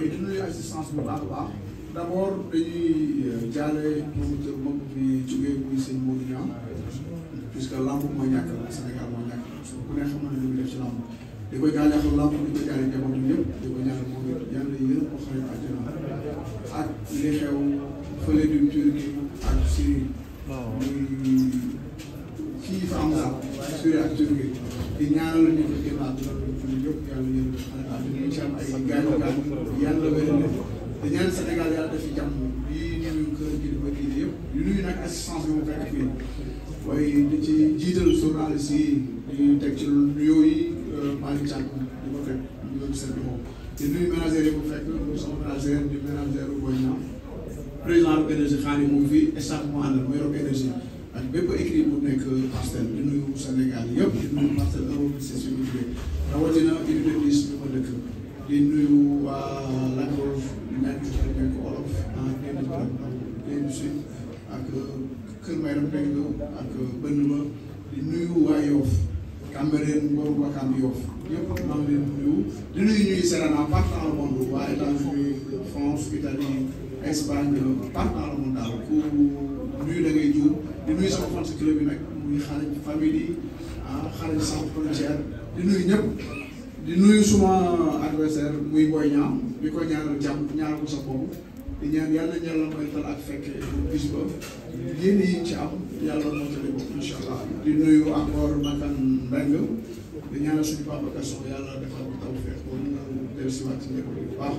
mais dañu lay assistance bu baax a baax d' abord dañuy jaale promoteur mag bi jógee muy sëñ Modou Niang puisque lamb moo ñàkk la Sénégal moo ñàkk ku ne xam na ne li muy def ci lamb di koy jaale ak lamb di ko jaale njabootam yëpp di ko ñaanal moom it yàlla yërëm ko xarit àjjana ak li xew fële du Turquie ak Syrie muy kii fa am daal Syrie ak Turquie di ñaanal ñu ko génnaat yëpp yàlla yërëm ko xarit àjjana am ay gaañu gaañu yàlla wéral leen te ñaan Sénégal yàlla def ci jàmm di nuyu kër di nuyu nag assistance bi mu fekk fii mooy di ci jiital journaliste yi di ci nuyoo yi Malick Thiam di ko fekk ñoom seen bi moom di nuyu ménagère yi fekk muy sama ménagère di ménagère booy ñaam président énergie xaar yi moom fii mu àndal mooy Rock énergie ak bépp écrit bu nekk Pastel di nuyu Sénégal yëpp di nuyu Pastel heure bu ñu seet suñu liggéey rawatina ma dëkk. di nuyu waa Lac Rose nekk ci nekk olof ah ñenn ñenn sud ak uh, Kër uh, di nuyu waa Yoff Cambérène Mbour Wakam Yoff ñëpp di nuyu nuyu ñuy seetaan en partout daal ku nuyu da ngay di nuyu sama fan club yi nag muy xale famille yi ah di nuyu ñëpp. di nuyu suma adversaire muy Boy Niang di ko ñaanal jàmm ñaanal ko sa di ñaan yàlla ñàlla may tal ak fekkee bis ba yéen yi ci am yàlla mootali ko incha allah di nuyu encore Makan Mbengue di ñaanal suñu papa Gaston yàlla defal ko taw feex ba mun a dellusiwaat ci njaboot bu baax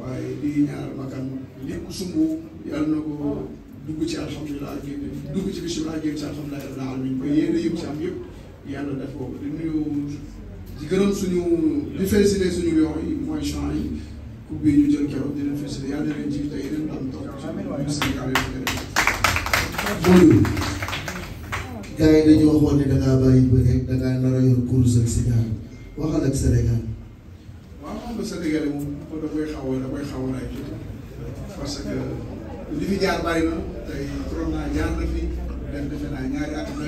waaye di ñaanal Makan li ku sumb yàlla na ko dugg ci alhamdulilah génn dugg ci bisimilah génn ba yéen yëpp ci am yëpp yàlla di nuyu. di gërëm suñu di félicité suñu yoon yi mooy champs yi coupe bi ñu jël keroog di leen félicité yàlla na leen jiw tey ci Sénégal yi gars yi dañu waxoon ne da ngaa bàyyi bëgg da ngaa nar a yor course ak Sénégal waxal ak Sénégal. da koy xaw a da koy xaw a parce que li fi jaar bari na tey corona jaar na fi dem defe naa ñaari at nga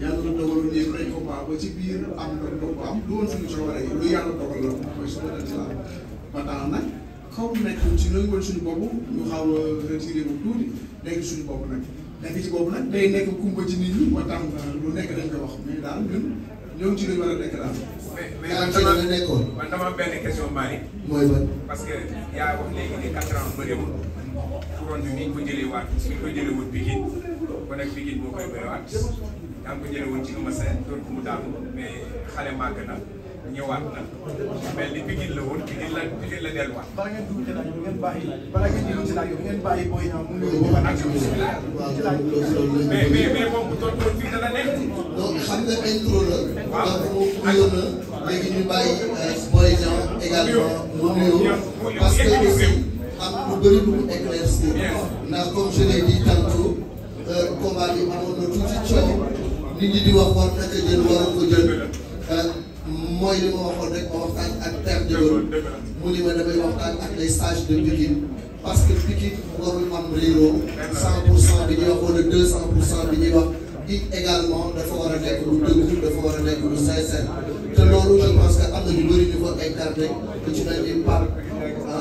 yàlla dogal ñu ne combat ba ci biir am na lu am lu woon suñu a yi lu yàlla dogal la mooy soxla ci xaw a retiré bu tuuti nekk suñu bopp nag nekk ci bopp nag day nekk kumba ci nit ñi ba lu nekk dañ ko wax mais daal ñun ñoo ngi ci lu war a nekk daal. mais man dama nekkoon man dama am benn question Malick. mooy ban parce que yaa wax léegi ne quatre ans couronne bi niñ ko jëlee waat suñ ko jëlee woon Pikine kon ak Pikine moo koy béyaat yaa ngi ko jëlee woon ci Eumeu Sène door ko mu daanu mais xale màgg na ñëwaat na mel ni Pikine la woon Pikine la Pikine la delluwaat. bala ngeen dugg ci laaj bi ngeen bàyyi bala ngeen dugg ci laaj bi ngeen bàyyi booy ñaar mu ngi woon ak bisimilah. mais mais mais moom bu toog woon fii dana nekk. donc xam nga intro la. waaw donc nuyoo na léegi ñu bàyyi euh, booy ñaar également mu nuyoo parce que aussi. am lu bëri lu mu éclaircir ndax comme je l'ai dit tantôt euh, combat bi amoon na tuuti euh, ni ma damay waxtaan a nekk lu dëgg dafa war a nekk lu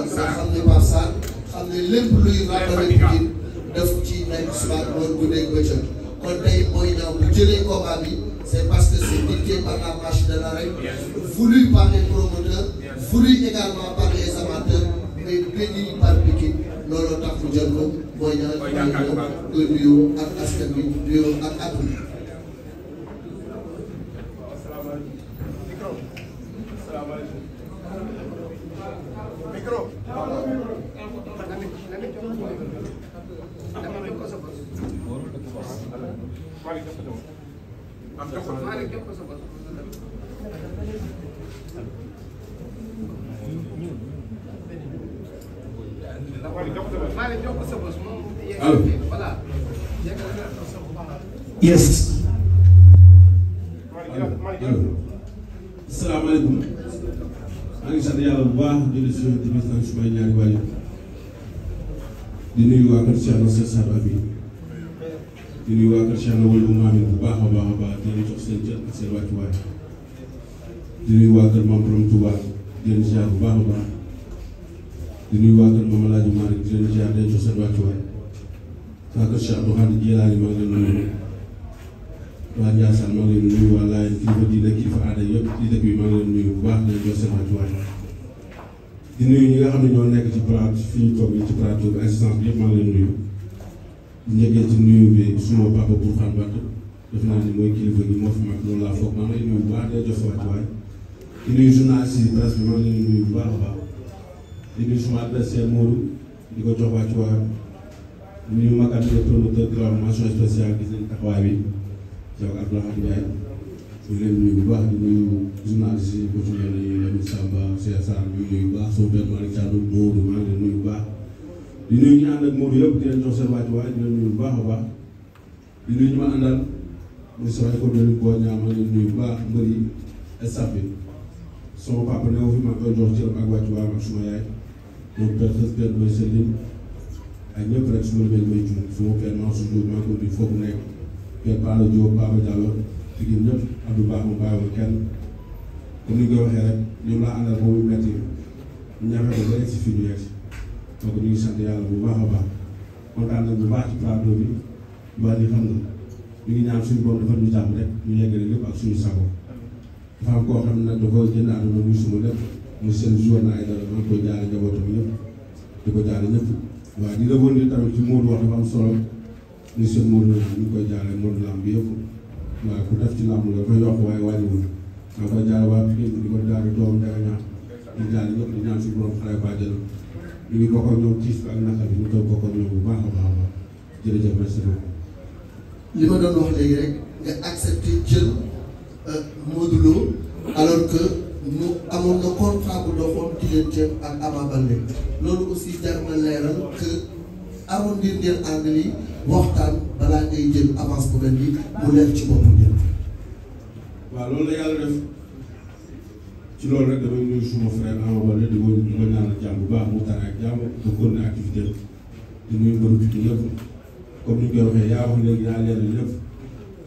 xam ne Pape Sarr xam ne lépp luy ràmbale Pikine def ci nekk suba loolu bu dégg bëccëg kon tey mooy ñaaw bu jëlee combat c'est parce que c'est dicté par la marche de l'arène voulu par les promoteurs voulu également par les amateurs mais béni par Pikine looloo tax mu jël ko mooy ñaaw mooy ñaaw nga nuyoo ak askan bi nuyoo ak at micro. Yes. Salaamaaleykum. maa ngi sant yàlla bu baax di nuyu suñu di nuyu suñu ay ñaari waajur di nuyu waa kër Cheikh na Cheikh Sadou Abi di nuyu waa kër Cheikh na wàllu maamin bu baax a baax a baax di leen jox seen cër ak seen wàccuwaay di nuyu waa kër Maam Borom Touba di leen ziar bu baax a baax di nuyu waa kër Maam Alaaji Maalik di leen ziar di leen jox seen wàccuwaay waa kër Cheikh Abdou Khadre Jilaani maa ngi leen nuyu waa Ndiassane maa ngi leen di nuyu waa Laye kilifa diine kilifa aada yëpp ci dëkk bi maa ngi leen nuyu bu baax di jox seen wàccuwaay di nuyu ñi nga xam ne ñoo nekk ci plateau fi ñu toog ci plateau bi assistance bi yëpp maa ngi leen nuyu njëkkee ci nuyu bi suma papa Bourkhane Wade def naa ni mooy kilifa gi moo fi mag loolu laa foog maa ngi lay nuyu bu baax di jox seen wàccuwaay di nuyu journaliste yi presse bi maa ngi leen nuyu bu baax a baax di nuyu suma adversaire Modou di ko jox wàccuwaay nuyu ma kat le promoteur de la mention spéciale gis nañ taxawaay bi donc Abdoulaye Ndiaye ñu ngi leen nuyu bu baax di nuyu journaliste yi ku ci mel ni Lamine Samba Cheikh Sarr ñu nuyu bu baax Sow Père Malick Thiandoum Moodu maa ngi leen nuyu bu baax di nuyu ñu ànd ak Moodu yëpp di leen jox seen wàccuwaay di leen nuyu bu baax a baax di nuyu ñu ma àndal muy sama école de lutte Boy Niang maa ngi leen nuyu bu baax mbër yi staff bi sama papa ne ko fi ma koy jox cëram ak wàccuwaayam ak suma yaay moom Père Xës Père Boy Selim ak ñëpp rek su ma leen may jum su ma Père Mansour Ndour maa ngi ko nuyu foofu nekk Père Paala Diop Baba Diallo jigéen ñëpp Abdou Ba mu bàyyiwul kenn comme ni nga waxee rek ñoom laa àndal moom mu metti ñu ñafe ko ba egg si fii ñu yegg donc ñu ngi sant a ni xam nga ñu ngi ñaan suñu borom defal ñu jàmm rek ñu yeggale lépp ak suñu sago dafa am koo xam ne nag dafa jënd àdduna muy suma lépp mu seen joué na ay dara maa ngi koy ñëpp di ko jaale ñëpp waaw di revenir tamit ci Modou wax dafa am solo. li suñ Modou Lo ñu koy jaale Modou lamb bi yëpp waaye ku def ci lamb nga koy yokk waaye wàññiwul nga koy jaale waa Pikine di ko jaale doom jaga ñaar di jaale ñëpp di ñaan si borom xale bàjjal ñu ngi bokk ak ñoom tiis bi ak naqar bi ñu koy bokk ak ñoom bu baax a baax a baax jërëjëf merci beaucoup. li ma doon wax léegi rek nga accepté jël euh, Modou Lo alors que mu amoon na contrat bu doxoon digganteem ak Ama Baldé loolu aussi jar na leeral que amoon ngeen ngeen ànd waxtaan balaa ngay jël avance bu mel nii mu leer ci boppam ñëpp. waaw loolu la yàlla def ci loolu rek damay nuyu suma frère Ama Baldé di ko di ko ñaanal jàmm bu baax mu tane ak jàmm di ko ne activité bi di nuyu mbëru bi yëpp comme ni ñu koy waxee yaa wax léegi yaa leeral lépp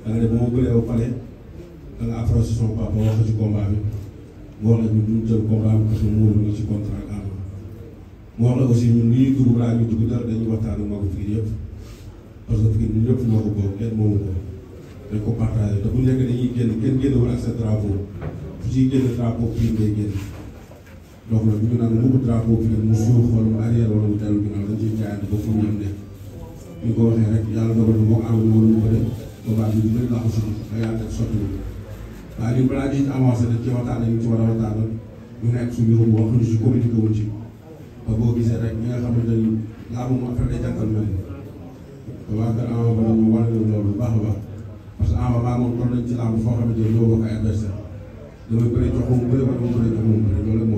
da nga def ba ma bëlee ba pare da nga approché son papa wax ci combat bi mu wax la ñun duñ jël combat bi parce que mu ngi ci contrat Ama mu wax la aussi ñun li ñuy dugg balaa ñuy dugg dara dañuy waxtaan ak mbokku fii yëpp. parce que fii ñun ñëpp ñoo ko bokk kenn moomu ko dañ ko partagé te bu ñu nekk dañuy génn kenn génnewul ak sa drapeau fu ciy génn drapeau fii ngay génn donc nag ñu naan mu drapeau bi nag mu suur xool mu arrière wala mu dellu ginnaaw dañ ciy jaayante ba fu ñu am de ñu ko waxee rek yàlla dogal na moom amoon na lu ko def ba baax bi ñu la ko suñu da yàlla def sotti waaye ñun balaa ñuy avancé dañ ci waxtaan dañu ci war a waxtaanal ñu nekk suñu yëngu wax ñu si communiqué wuñ ci ba boo gisee rek ñi nga xamante ni laa moom affaire day jàngal mel waa kër Ama Baldé ñu war leen loolu bu baax a baax parce que Ama maa moom toll nañ ci làmb foo xamante ni ñoo bokk ay adversaire damay bëri jox ko mu bëri wala mu bëri mu bëri loolu mu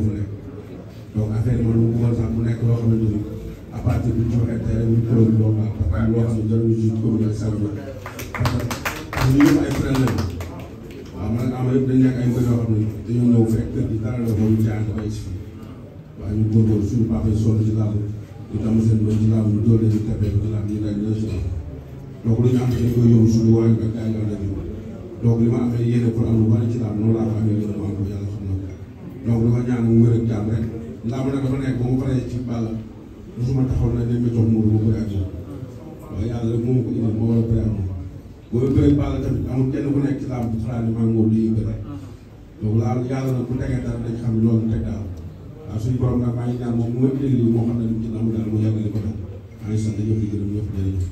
bëggoon sax mu nekk loo xamante ni à partir du jox intérêt ñu gi loolu la loo xam ne jarul ñu ko ñu ak sànq parce que ñu yëpp Ama yëpp dañ nekk ay mbër yoo xam ne dañoo ñëw fekk kër gi dara la ko ñu jaay ko ay si waaye ñu góorgóorlu papa yi sonn ci ñu am seen bëri ñu naan lu doon leen di tapé ñu naan ñu naan ñu naan donc lu ñu am dañ koy yóbbu suñu wala ñu koy gaañ wala ñu donc li ma amee yéene pour am lu bari ci laam noonu laa ko amee yéene ma am ko yàlla xam na donc li ma ñaan mu wér ak jàmm rek laam nag dafa nekk ba mu paree ci Balla mosuma taxaw na dañ ma jox mu bu bëri ak moom waaye yàlla rek moo ma ko indi moo war a bëri ak moom booy bëri Balla tamit amul kenn ku nekk ci laam bu xalaat ne maa ngi woon lii bëri donc laam yàlla nag bu tegee dara dañ xam loolu teg daal waaw suñu borom nag maa ngi moom mu ma indil lii moo xam ne lu ci namu daal mu yàggale ko daal maa ngi sant ñëpp di gërëm ñëpp jërëjëf